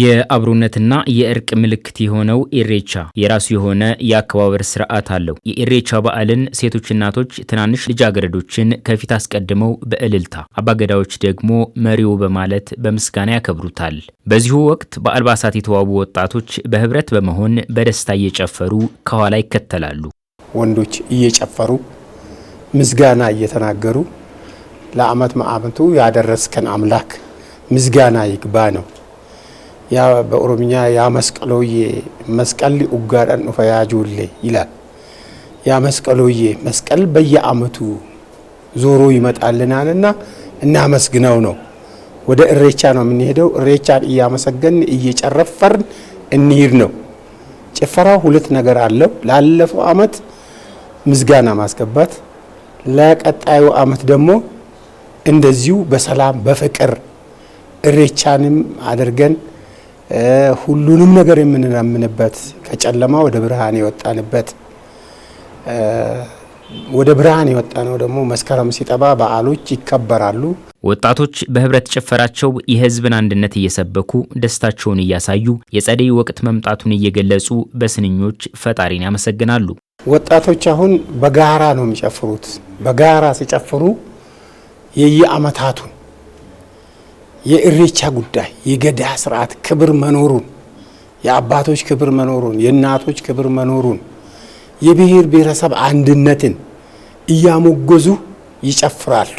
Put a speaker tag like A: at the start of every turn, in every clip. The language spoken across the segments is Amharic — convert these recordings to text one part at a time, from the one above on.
A: የአብሮነትና የእርቅ ምልክት የሆነው ኢሬቻ የራሱ የሆነ የአከባበር ስርዓት አለው። የኢሬቻ በዓልን ሴቶች፣ እናቶች፣ ትናንሽ ልጃገረዶችን ከፊት አስቀድመው በእልልታ አባገዳዎች ደግሞ መሪው በማለት በምስጋና ያከብሩታል። በዚሁ ወቅት በአልባሳት የተዋቡ ወጣቶች በህብረት በመሆን በደስታ እየጨፈሩ ከኋላ ይከተላሉ።
B: ወንዶች እየጨፈሩ ምስጋና እየተናገሩ ለአመት ማዕመቱ ያደረስከን አምላክ ምስጋና ይግባ ነው ያ በኦሮምኛ ያ መስቀሎዬ መስቀል ኡጋዳን ኡፈ ጆሌ ይላል። ያ መስቀሎዬ መስቀል በየአመቱ ዞሮ ይመጣልናልና እናመስግነው ነው። ወደ እሬቻ ነው የምንሄደው። እሬቻን እያመሰገንን እየጨረፈርን እንሂድ ነው። ጭፈራው ሁለት ነገር አለው። ላለፈው አመት ምስጋና ማስገባት፣ ለቀጣዩ አመት ደግሞ እንደዚሁ በሰላም በፍቅር እሬቻንም አድርገን ሁሉንም ነገር የምንለምንበት ከጨለማ ወደ ብርሃን የወጣንበት ወደ ብርሃን የወጣ ነው። ደግሞ መስከረም ሲጠባ በዓሎች ይከበራሉ።
A: ወጣቶች በህብረት ጭፈራቸው የህዝብን አንድነት እየሰበኩ ደስታቸውን እያሳዩ የጸደይ ወቅት መምጣቱን እየገለጹ በስንኞች ፈጣሪን ያመሰግናሉ።
B: ወጣቶች አሁን በጋራ ነው የሚጨፍሩት። በጋራ ሲጨፍሩ የየአመታቱን የእሬቻ ጉዳይ የገዳ ስርዓት ክብር መኖሩን የአባቶች ክብር መኖሩን የእናቶች ክብር መኖሩን የብሔር ብሔረሰብ አንድነትን እያሞገዙ ይጨፍራሉ።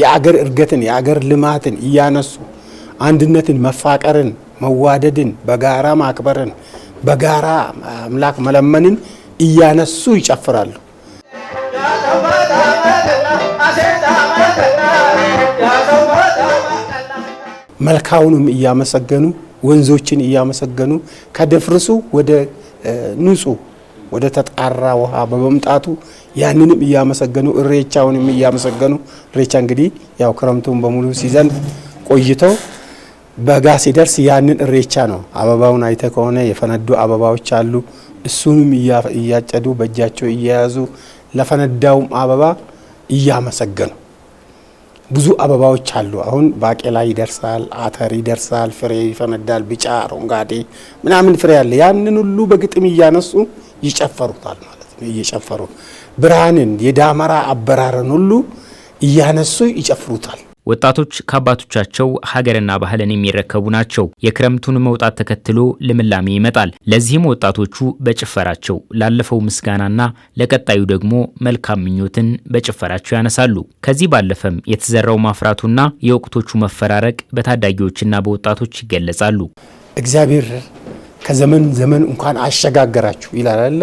B: የአገር እድገትን የአገር ልማትን እያነሱ አንድነትን፣ መፋቀርን፣ መዋደድን፣ በጋራ ማክበርን፣ በጋራ አምላክ መለመንን እያነሱ ይጨፍራሉ። መልካውንም እያመሰገኑ ወንዞችን እያመሰገኑ ከደፍርሱ ወደ ንጹህ ወደ ተጣራ ውሃ በመምጣቱ ያንንም እያመሰገኑ እሬቻውንም እያመሰገኑ እሬቻ እንግዲህ ያው ክረምቱን በሙሉ ሲዘንድ ቆይተው በጋ ሲደርስ ያንን እሬቻ ነው። አበባውን አይተ ከሆነ የፈነዱ አበባዎች አሉ። እሱንም እያጨዱ በእጃቸው እየያዙ ለፈነዳውም አበባ እያመሰገኑ ብዙ አበባዎች አሉ። አሁን ባቄላ ይደርሳል፣ አተር ይደርሳል፣ ፍሬ ይፈነዳል፣ ቢጫ አረንጓዴ ምናምን ፍሬ አለ። ያንን ሁሉ በግጥም እያነሱ ይጨፈሩታል ማለት ነው። እየጨፈሩ ብርሃንን የዳመራ አበራረን ሁሉ እያነሱ ይጨፍሩታል።
A: ወጣቶች ከአባቶቻቸው ሀገርና ባህልን የሚረከቡ ናቸው። የክረምቱን መውጣት ተከትሎ ልምላሜ ይመጣል። ለዚህም ወጣቶቹ በጭፈራቸው ላለፈው ምስጋናና ለቀጣዩ ደግሞ መልካም ምኞትን በጭፈራቸው ያነሳሉ። ከዚህ ባለፈም የተዘራው ማፍራቱና የወቅቶቹ መፈራረቅ በታዳጊዎችና በወጣቶች ይገለጻሉ።
B: እግዚአብሔር ከዘመን ዘመን እንኳን አሸጋገራችሁ ይላል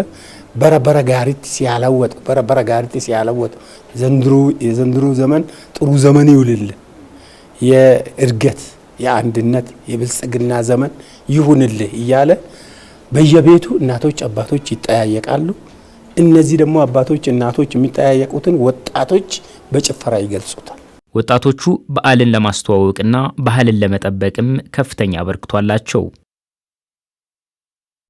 B: በረበረ ጋሪት ሲያለወጥ በረበረ ጋሪት ሲያለወጥ ዘንድሮ የዘንድሮ ዘመን ጥሩ ዘመን ይውልል። የእድገት የአንድነት የብልጽግና ዘመን ይሁንልህ እያለ በየቤቱ እናቶች አባቶች ይጠያየቃሉ። እነዚህ ደግሞ አባቶች እናቶች የሚጠያየቁትን ወጣቶች በጭፈራ ይገልጹታል።
A: ወጣቶቹ በዓልን ለማስተዋወቅና ባህልን ለመጠበቅም ከፍተኛ አበርክቶ አላቸው።